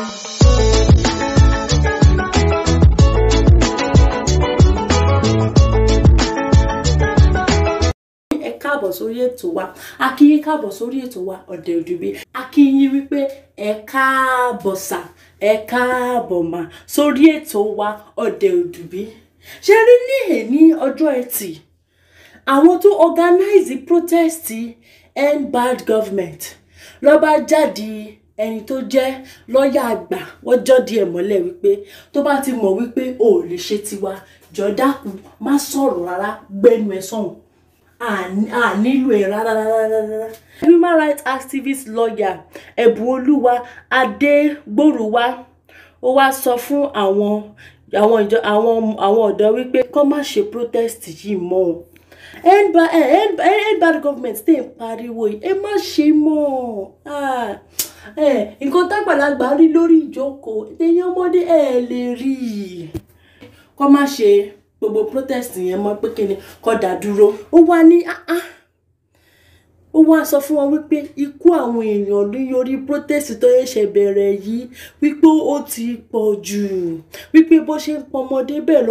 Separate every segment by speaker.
Speaker 1: ẹ káàbọ̀ sórí ètò wa a kí yín káàbọ̀ sórí ètò wa ọ̀dẹ̀ òdùbí a kí yín wípé ẹ káàbọ̀ sà ẹ káàbọ̀ mà sórí ètò wa ọ̀dẹ̀ òdùbí ṣe rí ní èní ọjọ́ ẹtì àwọn tó organize protest end bad government ló bá jáde ẹni tó jẹ́ lọ́ọ̀yà àgbà wọ́n jọ́dí ẹ̀ mọ́lẹ̀ wípé tó bá ti mọ̀ wípé o ò lè ṣe tiwa jọ dákun má sọ̀rọ̀ rárá gbẹ́nu ẹ̀ sọ̀hún à nílò ẹ̀ rárá rárá rárá. human rights activist lawyer ẹ̀bùnolúwa adégbòrúwa ó wá sọ fún àwọn àwọn ìjọ àwọn àwọn ọ̀dọ́ wípé kọ́ má ṣe protest yìí mọ́ o endbad government tẹ̀ ń pariwo yìí ẹ má ṣe mọ́ ọ́ ah nǹkan tágbàlagbà rí lórí ìjókòó ẹ̀yin ọmọdé ẹ̀ lè rí i kọ́ má ṣe gbogbo protest yẹn mọ́ pé kí ni kọ́ dá dúró ó wá ní áá. Ah, ah, ó wá sọ fún wọn wípé ikú àwọn èèyàn lórí protest tó ṣẹ̀ṣẹ̀ bẹ̀rẹ̀ yìí wípé ó ti pọ̀ jù wípé bó ṣe ń pọmọdé bẹ́ẹ̀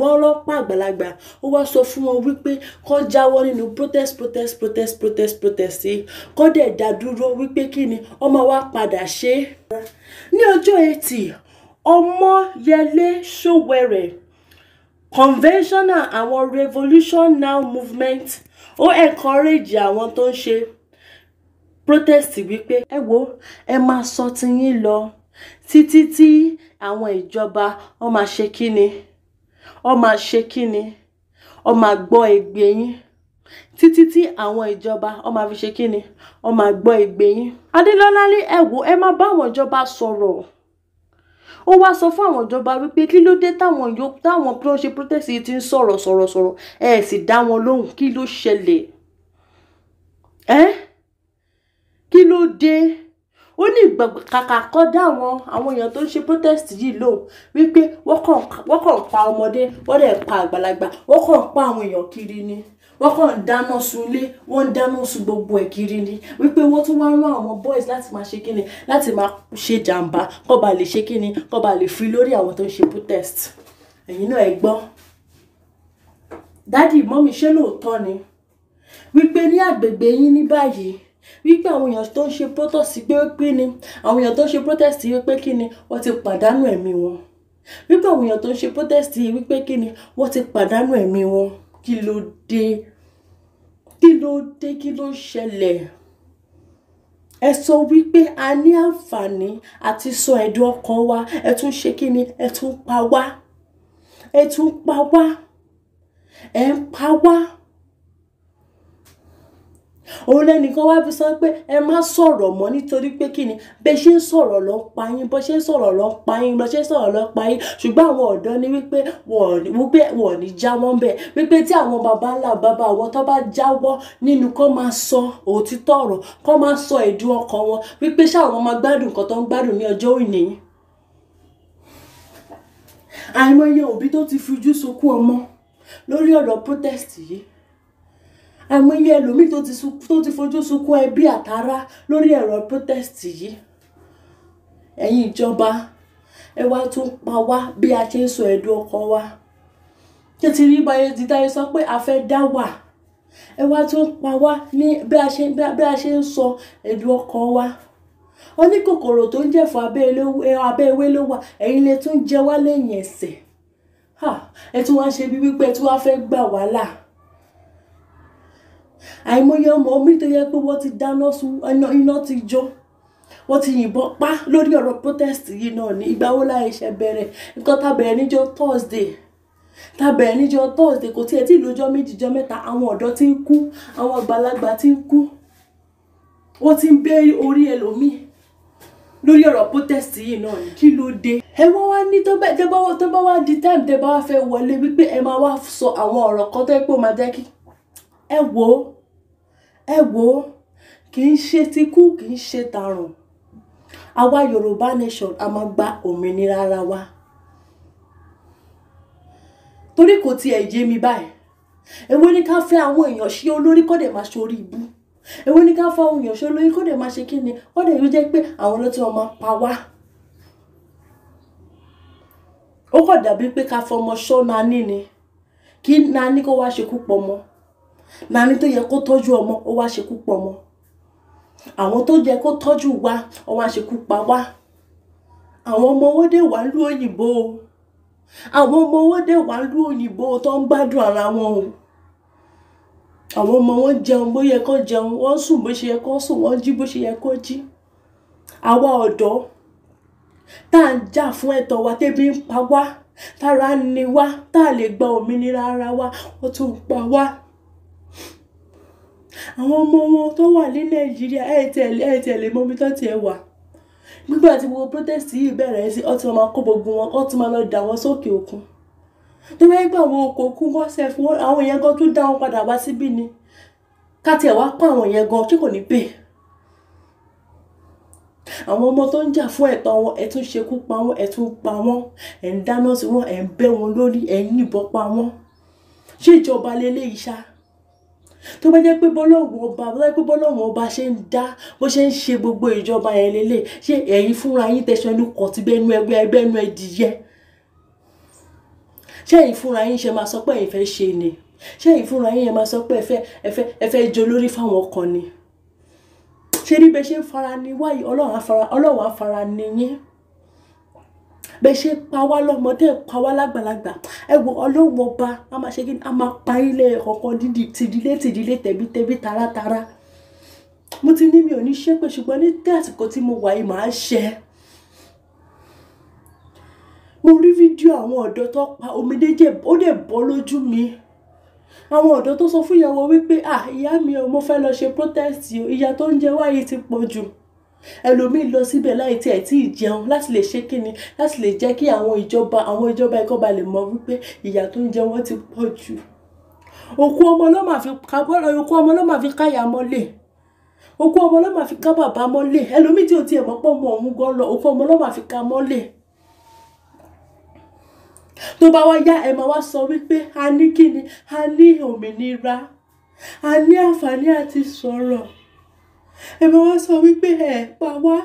Speaker 1: wọ́n lọ́pàá àgbàlagbà ó wá sọ fún wọn wípé kó jáwọ́ nínú protest protest protest protest protest yìí kó dẹ̀ dá dúró wípé kí ni ọmọ wa padà ṣe. ní ọjọ́ etí ọmọ yẹlé Sowore conventional àwọn revolution now movement ó encourage àwọn tó ń ṣe protest wípé ẹ wo ẹ máa sọ tiyín lọ títí tí àwọn ìjọba ọ máa ṣe kíni ọ máa ṣe kíni ọ máa gbọ́ ègbè yín títí tí àwọn ìjọba ọ máa fi ṣe kíni ọ máa gbọ́ ègbè yín Adélọ́lá ní ẹ wo ẹ máa bá àwọn ìjọba sọ̀rọ̀ ó wá sọ fún àwọn ìjọba wípé kí ló dé táwọn yòókù táwọn tó ń ṣe protest yìí ti ń sọ̀rọ̀ sọ̀rọ̀ sọ̀rọ̀ ẹ sì dá wọn lóhùn kí ló ṣẹlẹ̀ ẹ kí ló dé ó ní ìgbàgbọ́ kàkà kọ́ dá àwọn àwọn èèyàn tó ń ṣe protest yìí lóhùn wípé wọ́n kàn pa ọmọdé wọ́n dẹ̀ pa àgbàlagbà wọ́n kàn pa àwọn èèyàn kiri ni wọ́n kàn ń dáná sunlé wọ́n ń dáná sun gbogbo ẹ̀ kiri ni wípé wọ́n tún wá ń rán àwọn boys láti máa ṣe kíni láti máa ṣe jàǹbá kó ba lè ṣe kíni kó ba lè fi lórí àwọn tó ń ṣe protest ẹ̀yin náà ẹ gbọ́ dádì mọ́mí ṣé lóòótọ́ ni wípé ní àgbègbè yín ní báyìí wípé àwọn èèyàn tó ń ṣe protest pé pé ni àwọn èèyàn tó ń ṣe protest pé kí ni wọ́n ti pàdánù ẹ̀mí wọn wípé àwọn èèyàn tó ń ṣe protest wípé kí ni wọ́n ti pàdánù ẹ̀mí wọn kí ló dé kí ló dé kí ló ṣẹlẹ̀ ẹ sọ wípé a ní àǹfààní àti sọ ẹ̀dùn ọkàn wa ẹ tún ṣe kí ni ẹ tún pa wá ẹ tún pa wá ẹ ń pa wá òun lẹ́nìkan wá fi sọ pé ẹ má sọ̀rọ̀ mọ́ nítorí pé kí ni bẹ́ ṣe ń sọ̀rọ̀ lọ pa yín bọ́ ṣe ń sọ̀rọ̀ lọ pa yín bọ́ ṣe ń sọ̀rọ̀ lọ pa yín ṣùgbọ́n àwọn ọ̀dọ́ ni wípé wípé wọ́n ní jáwọ́ ń bẹ̀ wípé tí àwọn baba ńlá baba àwọn tó bá jáwọ́ nínú kó máa sọ òtítọ́ ọ̀rọ̀ kó máa sọ ẹ̀dùn ọkàn wọn wípé ṣáwọn máa gbádùn nǹkan tó ń gbádùn ní ọjọ́ òní àìmọye òbí tó ti fi ojú sunkún ọmọ lórí ọ̀rọ̀ protest yìí àmọye ẹlòmíì tó ti fojú sunkún ẹbí àtàrà lórí ẹ̀rọ protest yìí ẹ̀yin ìjọba ẹ wá tún pa wá bí a ṣe ń sọ ẹ̀dùn ọkàn wa ṣé ti rí báyé dídáyé sọ pé a fẹ́ dá wà ẹ wá tún pa wá ní bí a ṣe ń sọ ẹ̀dùn ọkàn wa wọ́n ní kòkòrò tó ń jẹ̀fọ́ abẹ́ ewé ló wà ẹ̀yin lè tún jẹ wá lẹ́yìn ẹsẹ̀ ẹ tún wá ṣe bí wípé ẹ tún wá fẹ́ gbà wá àìmọye ọmọ mi tó yẹ pé wọ́n ti dáná sun iná ti jó wọ́n ti yìnbọn pa lórí ọ̀rọ̀ protest yìí náà ní ìgbà wo la ṣe bẹ̀rẹ̀ nǹkan tá bẹ̀rẹ̀ níjọ́ Thursday tá bẹ̀rẹ̀ níjọ́ Thursday kò tiẹ̀ tí lójọ́ méjìjọ́ mẹ́ta àwọn ọ̀dọ́ ti ń kú àwọn àgbàlagbà ti ń kú wọ́n ti ń bẹ́ orí ẹlòmíì lórí ọ̀rọ̀ protest yìí náà ni kí ló dé. ẹ wá wá ní tó bá tó bá wá di time tẹ́ bá wá fẹ́ wọlé wípé ẹ máa wá sọ àwọn ọ̀rọ̀ kan tó yẹ pé ó máa jẹ́ kí ẹ wò ó ẹ wò ó kì í ṣe tikú kì í ṣe tàrùn àwa yorùbá nation a máa gba òmìnira ara wa torí kò tiẹ̀ yé mi báyìí èwo ni ká fẹ́ àwọn èèyàn ṣe olórí kọ́ dẹ̀ máa ṣorí ibú èwo ni ká fẹ́ àwọn èèyàn ṣe olórí kọ́ dẹ̀ máa ṣe kí ni wọ́n dẹ̀ yóò jẹ́ pé àwọn ọlọ́tí wọn máa pa wá. ó kàn dàbí pé ká fọmọ ṣọ́ nání ni kí nání kó wá ṣekú pọ̀ mọ́ màmí tó yẹ kó tọ́jú ọmọ ó wá ṣekú pọ̀ ọmọ àwọn tó yẹ kó tọ́jú wa ó wá ṣekú pa wá àwọn ọmọ owó dé wà lú òyìnbó o àwọn ọmọ owó dé wà lú òyìnbó tó ń gbádùn ara wọn o àwọn ọmọ wọn jẹun bó yẹ kó jẹun wọn sùn bó ṣe yẹ kó sùn wọn jí bó ṣe yẹ kó jí àwa ọ̀dọ́ tá à ń jà fún ẹ̀tọ́ wa tẹ́bí ń pa wá tára ń ni wá tá a lè gba òmìnira ara wa wọ́n tún ń pa wá àwọn ọmọ wọn tó wà ní nàìjíríà ẹ̀ẹ́tẹ̀lẹ̀ ẹ̀ẹ́tẹ̀lẹ̀ mọ́bí tó tiẹ̀ wà nígbà tí gbogbo protest yìí bẹ̀rẹ̀ sí ọtí wọn máa kó gbogbo wọn ọtí máa lọ dà wọn sókè òkun tó bá gbà wọn kò kú wọn ṣe fún àwọn yẹn gan tó dá wọn padà wá síbí ni ká tiẹ̀ wá pa àwọn yẹn gan tí kò ní pè àwọn ọmọ tó ń jà fún ẹ̀tọ́ wọn ẹ̀ tún ṣekú pa wọn ẹ̀ tún pa wọn ẹ̀ ń dáná sí wọn ẹ̀ ń bẹ́ wọn lórí ẹ̀ ń yìnbọn pa wọn ṣé ìjọba lélẹ́yìí ṣáá tó bá jẹ́ pé bọ́lọ́run ọba bó jẹ́ pé bọ́lọ́run ọba ṣe ń dá bó ṣe ń ṣe gbogbo ìjọba yẹn lélẹ̀ ṣé ẹ̀yin fúnra yín tẹ̀sán ẹnu kọ̀ tí bẹ́ẹ̀ nu ẹgbẹ́ ẹgbẹ́ nu ẹdìyẹ ṣé ẹ̀yin fúnra yín ṣe máa sọ pé ẹ̀yin fẹ́ ṣe ni ṣé ẹ̀yin fúnra yín yẹn máa sọ pé ẹ̀fẹ́ ẹ̀fẹ́ ẹ̀fẹ́ jẹ olórí fáwọn ọkàn ni ṣé níbẹ̀ ṣe ń fara ni wáyé ọlọ́run á fara ọlọ́run á fara ni yín bẹ́ẹ̀ ṣe pa wá lọ́mọdé pa wá lágbàlagbà ẹ wo ọlọ́run ọba a máa ṣe kí ni a máa pa ilé ọkọ̀ dídì tìdílé tìdílé tẹ̀bítẹ̀bí taratara mo ti ní mi ò ní ṣépè ṣùgbọ́n ní tẹ́ àsìkò tí mo wà yìí màá ṣẹ́ mo rí fídíò àwọn ọ̀dọ́ tó pa omidé jẹ́ ó dẹ̀ bọ́ lójú mi àwọn ọ̀dọ́ tó sọ fún ìyàwó wípé ah ìyá mi ò mo fẹ́ lọ ṣe protest o ìyà tó ń jẹ wáyé ti pọ̀ jù ẹlòmíì lọ síbẹ̀ láì tí ẹ̀ tí ì jẹun láti lè ṣe kíni láti lè jẹ́ kí àwọn ìjọba àwọn ìjọba ẹ̀kọ́ ba lè mọ wípé ìyà tó ń jẹ wọ́n ti pọ̀ jù òkú ọmọ ló máa fi kábọ́rọ̀ òkú ọmọ ló máa fi káyà mọ́lẹ̀ òkú ọmọ ló máa fi ká bàbá mọ́lẹ̀ ẹlòmíì tí ò tiẹ̀ mọ́pọ̀ mọ́ òun gan lọ òkú ọmọ ló máa fi ká mọ́lẹ̀ tó bá wá yá ẹ máa wá sọ wípé a ní kíni a ní òmìnira a ní àǹfààní àti sọ̀rọ̀ Ẹ máa wá sọ wípé ẹ pa wá.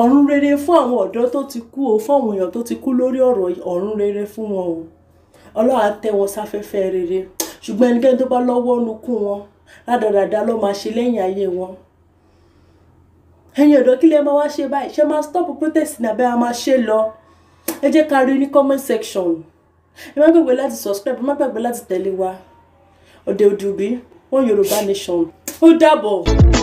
Speaker 1: Ọ̀run rere fún àwọn ọ̀dọ́ tó ti kú o, fún àwọn èèyàn tó ti kú lórí ọ̀rọ̀ ọ̀run rere fún wọn o. Ọlọ́run á sáfẹ́fẹ́ rere. Ṣùgbọ́n ẹnikẹ́ni tó bá lọ́wọ́ nu wọn, rádaràda ló máa ṣe lẹ́yìn ayé wọn. Ẹ̀yin ọ̀dọ́ kí lẹ máa wá ṣe báyìí? Ṣé máa stop protest ní abẹ́ a máa ṣe lọ? Ẹ jẹ́ ká rí ní comment section ẹ má gbàgbé láti subscribe ẹ má gbàgbé láti tẹ̀lé wa Òde Òdùbí One Yorùbá Nation ó dàbọ̀.